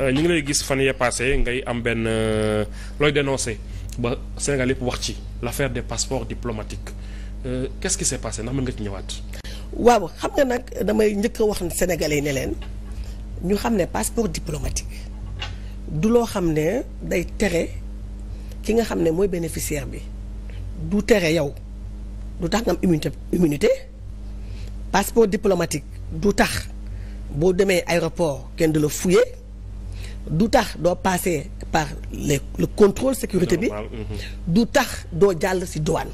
Euh, ñu ngi lay gis fan yee passé ngay am benn euh, looy dénoncé ba Sénégal yëpp wax ci l'affaire de passeports diplomatiques euh, qu'est-ce qui s'est passé ndax mën nga ci ñëwaat. waaw xam nga nag damay njëkk wax wax Sénégalais ne leen ñu xam ne passeport diplomatique du loo xam ne day tere ki nga xam ne mooy bénéficiaire bi du tere yow du tax nga am immunité immunité passeport diplomatique du tax boo demee aéroport kenn du la fouiller du tax doo passer par les le contrôle sécurité bi mhm. du tax doo jàll ci douane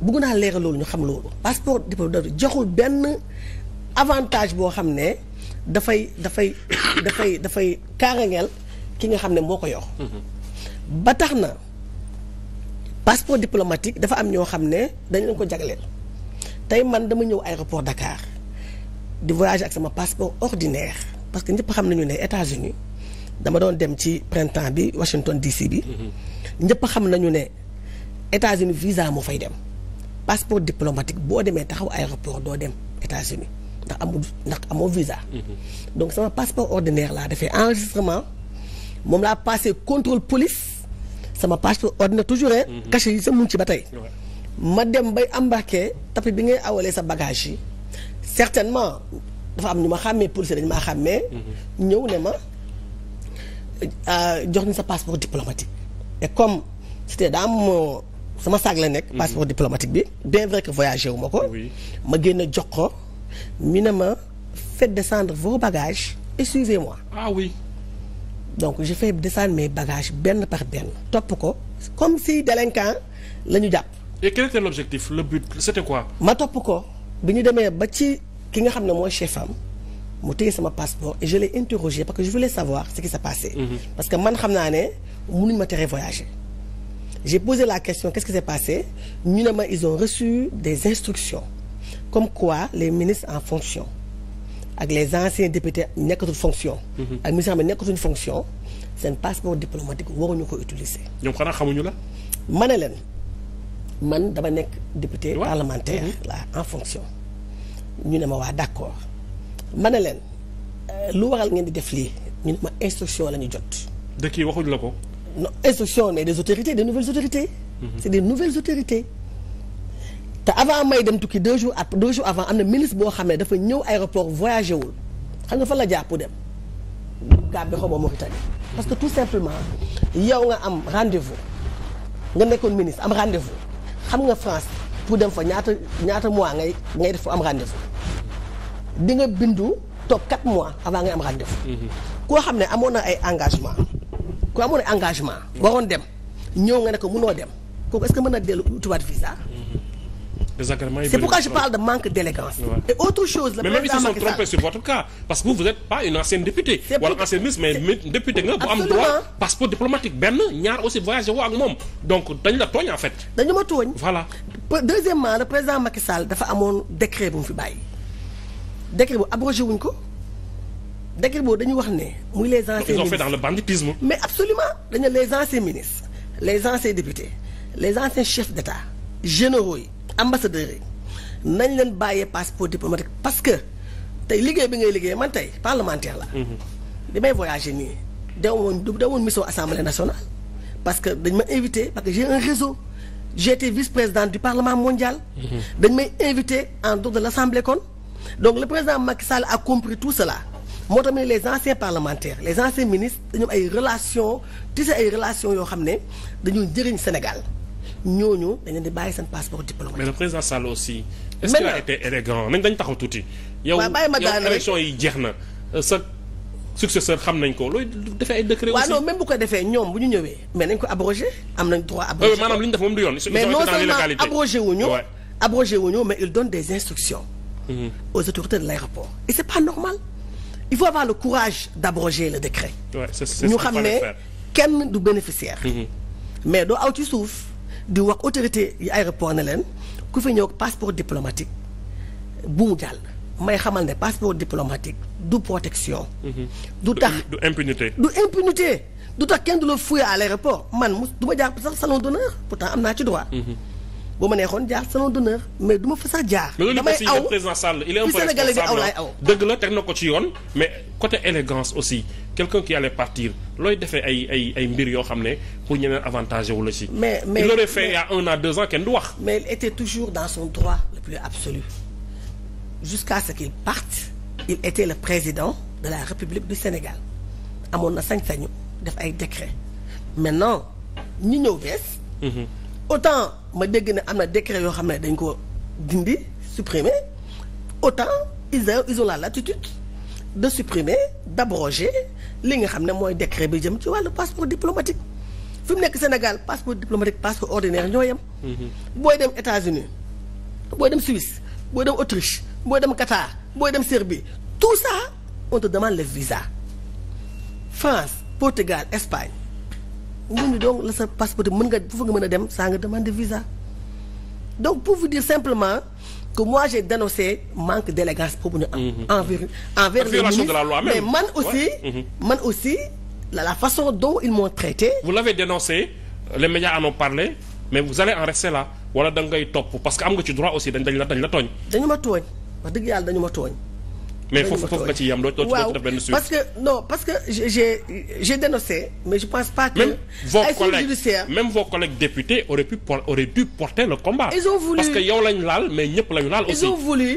bëgg naa leeral loolu ñu xam loolu passeport diplomatique joxul benn avantage boo xam ne dafay dafay dafay dafay kaaraŋeel ki nga xam ne moo ko yor mhm. tax na passeport diplomatique dafa am ñoo xam ne dañ leen ko jagleel tey man dama ñëw aéroport Dakar di voyager ak sama passeport ordinaire parce que ñëpp xam nañu ne États-Unis dama doon dem ci printemps bi Washington DC bi. ñëpp xam nañu ne États-Unis visa moo fay dem passeport diplomatique boo demee taxaw aéroport doo dem États-Unis ndax amul ndax amoo visa. donc sama passeport ordinaire laa defee enregistrement moom laa passé contrôle police sama passeport ordinaire toujours rek. Mhm. cachet yi sa mun ci ba tey. ma dem bay embarqué tapi bi ngay awalee sa bagage yi certainement dafa am ñu ma xàmmee policier dañu maa xàmmee. Mhm. ñëw ne ma. Euh, jox ñu sa passeport diplomatique et comme c'était daa am sama saag la nekk. Mhm. passeport diplomatique bi bien vrai que voyagé wu ma ko. ma génn jox ko mi ne ma faites descendre vos bagage et suivez-moi. ah oui. donc j'ai fait descendre mes bagages benn par benn. topp ko comme si délinquant la ñu jàpp. et quel le but c'était quoi. ma topp ko bi ñu demee ba ci ki nga xam ne mooy chef am. mu téye sama passeport et je l'ai interrogé parce que je voulais savoir ce qui s'est passé. Mhm. parce que man xam naa ne mënuñ ma tere voyager. j'ai posé la question qu'est-ce qui s'est passé ñu ne ma ils ont reçu des instructions comme quoi les ministres en fonction ak les anciens députés nekkatul fonction. Mhm. ak ministres yi nekkatuñ fonction seen passeport diplomatique waruñu ko utiliser. ñoom xanaa xamuñu la. ma ne leen man dama nekk député parlementaire mhm. la en fonction ñu ne ma waa d'accord. ma ne leen euh, lu waral ngeen di def lii ñu ne ma instruction la ñu jot. dëkk yi waxuñ la ko. non instruction mais des autorités des nouvelles autorités. Mm -hmm. c'est des nouvelles autorités. te avant may dem tukki deux jours après deux jours avant am na ministre boo xam ne dafa ñëw aéroport voyagé wul xam nga fa la jàpp dem Gambie xaw ma Mauritanie parce que tout simplement yow nga am rendez-vous nga nekkoon ministre am rendez-vous xam nga France pour dem fa ñaata ñaata mois ngay ngay def fa am di nga bindu toog 4 mois avant nga am rendez-vous. koo xam ne amoon na ay engagement ku amoon ay engagement. waroon dem ñëw nga ne ko mënoo dem kooku est-ce que mën na dellu utiwaat visa. C'est pourquoi je parle de manque d'élégance. Et autre chose, le mais même mais député nga bu am droit passeport diplomatique benn ñaar aussi voyagé woo ak moom donc dañu la tooñ en fait. dañu ma tooñ. voilà. deuxièmement le président Macky Sall dafa amoon décret bu mu fi bàyyi. décret boobu abrogé wuñ ko décret boobu dañu wax ne muy les anciens ministres ils ont fait dans le banditisme. mais absolument dañu les anciens ministres les anciens députés les anciens chefs d'État généraux yi ambassadeurs yi nañ leen bàyyee passeport diplomatique parce que te liggéey bi ngay liggéey man tey parlementaire la mhm. bi may voyager nii demoon demoon mission assemblée nationale parce que dañ ma invité parce que j'ai un réseau j'étais vice-président du parlement mondial mhm. dañ may invité en dehors de l'assemblée kon donc le président Macky Sall a compris tout cela moo tamit les anciens parlementaires les anciens ministres dañu am ay relations tissé ay relations yoo xam ne dañuy jëriñ Sénégal ñooñu dañ leen bàyyi seen passeport diplomatique. mais le président Sall aussi. est-ce qu'il a été élégant nañ dañ taxaw tuuti. yow yow élection yi jeex na sa successeur xam nañ ko looy defee ay décret aussi. waaw non même bu ko defee ñoom bu ñu ñëwee. mais nañ ko abrogé am nañ droit abrogé. maanaam li ñu mais non seulement abrogé des instructions. mmh. aux autorités de l'aéroport et c'est pas normal il faut avoir le courage d'abroger le décret ñu xam ne kenn du bénéficiaire mm-hmm. mais doo aw ci suuf di wax autorité yi aéroport ne leen ku fi ñëw passeport diplomatique bu mu jàll may xamal ne passeport diplomatique du protection mm-hmm. du tax du impunité du du tax kenn du la fouiller à l'aéroport man mu du ma jàpp sax salon d'honneur pourtant am naa ci droit mm-hmm. bu ma neexoon jaar salon d'honneur mais du ma fa sax jaar. damay aw président Sall dëgg la teg na ko ci yoon mais côté élégance aussi quelqu'un qui allait partir looy defe ay ay ay mbir yoo xam ne pour ñeneen avantage wu ci. mais mais il aurait fait il y a un deux ans kenn du wax. mais il était toujours dans son droit le plus absolu jusqu'à ce qu'il parte il était le président de la République du Sénégal amoon na sañ-sañu def ay décret maintenant ñi ñëw bees. Mhm. autant. ma dégg ne am na décret yoo xam ne dañ ko dindi supprimer autant ils ont la latitude de supprimer d'abroger li nga xam ne mooy décret bi jëm ci wàllu passeport diplomatique fi mu nekk Sénégal passeport diplomatique passeport ordinaire ñoo yem. Mm-hmm. booy dem États-Unis booy dem Suisse booy dem Autriche booy dem Qatar booy dem Serbie tout ça on te demande le visa France Portugal Espagne. ñu donc la sa passeport mën nga foofu nga mën a dem saa nga demander visa donc pour vous dire simplement que moi j'ai dénoncé manque d'élégance boobu ñu am envers envers les ministres mais man aussi mhm. man aussi la façon dont ils m'ont traité vous l'avez dénoncé les médias en ont parlé mais vous allez en rester là wala da topp parce que am nga ci droit aussi dañ dañ la dañ la tooñ dañu ma tooñ wax dëgg yàlla dañu ma tooñ mais foofu foofu nga ci yam parce que non parce que j'ai dénoncé mais je pense pas que. même vos collègues même vos députés auraient pu porter le combat. ils ont voulu parce que yow lañ laal mais ñëpp lañu laal. aussi ils ont voulu.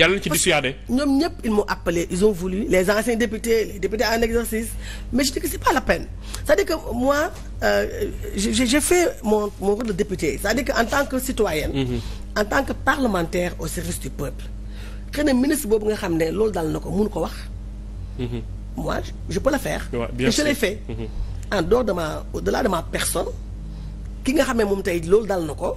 yàlla na ci dissuadé ñoom ñëpp ils m'ont appelé ils ont voulu les anciens députés députés en exercice mais je dis que c'est pas la peine c'est-à-dire que moi euh, j'ai fait mon mon de député c'est-à-dire que en tant que citoyenne mm-hmm. en tant que parlementaire au service xëy ministre boobu nga xam ne loolu daal na ko mun ko wax. Mhm. moi je peux le faire. Ouais, bien et je l'ai fait. Mhm. en dehors de ma de ma personne. ki nga xam ne moom tey loolu daal na ko.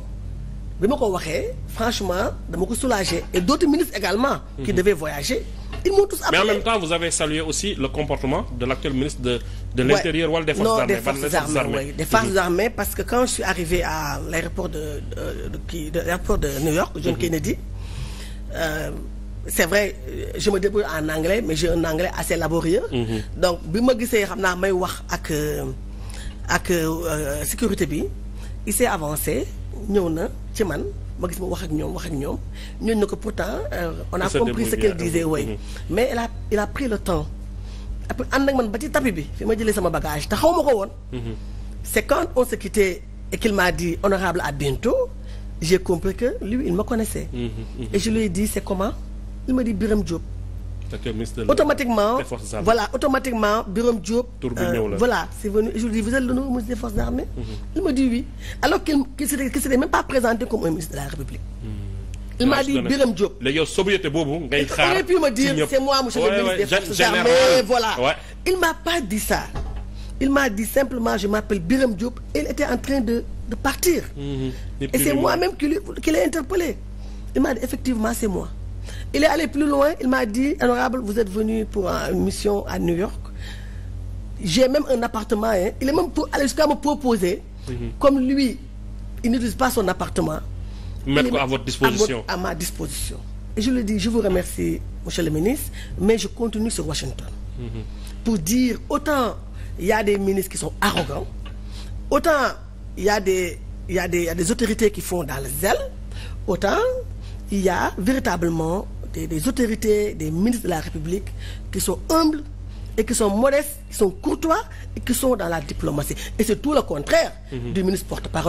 bi ma ko waxee franchement dama ko soulager et d'autres ministres également. qui mhm. devaient voyager. ils m'ont tous appelé mais en même temps vous avez salué aussi le comportement de l'actuel ministre de de l'intérieur wala des forces armées non des forces armées des forces armées parce que quand je suis arrivé à l'aéroport de New York John euh, c'est vrai je me débrouille en anglais mais j'ai un anglais assez laborieux. Mhm. donc bi ma gisee xam naa may wax ak ak euh, sécurité bi il s'est avancé ñëw na ci man ma gis ma wax ak ñoom wax ak ñoom ñooñu na ko pourtant euh, on a compris ce qu'elle disait oui mhm. mais il a il a pris le temps après ànd ak man ba ci tapis bi fi ma jëlee sama bagage te xaw ma ko woon mhm. c'est quand on se quittait et qu'il m'a dit honorable à bientôt j'ai compris que lui il me connaissait mm je lui ai dit c'est comment il m'a dit Birame Diop. automatiquement voilà automatiquement euh, voilà c'est venu je lui ministre des forces armées. Mhm. il m'a dit oui alors qu'il qu'il ne s'était même pas présenté comme un ministre de la République. Mm. il m'a dit Birame Diop léegi yow sobriété boobu ngay c'est moi monsieur le forces armées voilà il m'a pas dit ça il m'a dit simplement je m'appelle Birame Diop il était en train de partir mhm. et c'est moi-même qui l'ai interpellé il m'a dit effectivement c'est moi il est allé plus loin il m'a dit vous êtes venu pour euh, une mission à New York j'ai même un appartement hein. il est même pour aller jusqu'à me proposer mm -hmm. comme lui il n'utilise pas son appartement à votre disposition à, votre, à ma disposition et je lui dis je vous remercie monsieur le ministre mais je continue sur Washington mhm. pour dire autant il y a des ministres qui sont arrogants autant il y a des a des autorités qui font dans le zèle autant il y a véritablement des, des autorités, des ministres de la République qui sont humbles et qui sont modestes, qui sont courtois et qui sont dans la diplomatie. Et c'est tout le contraire mmh. du ministre porte-parole.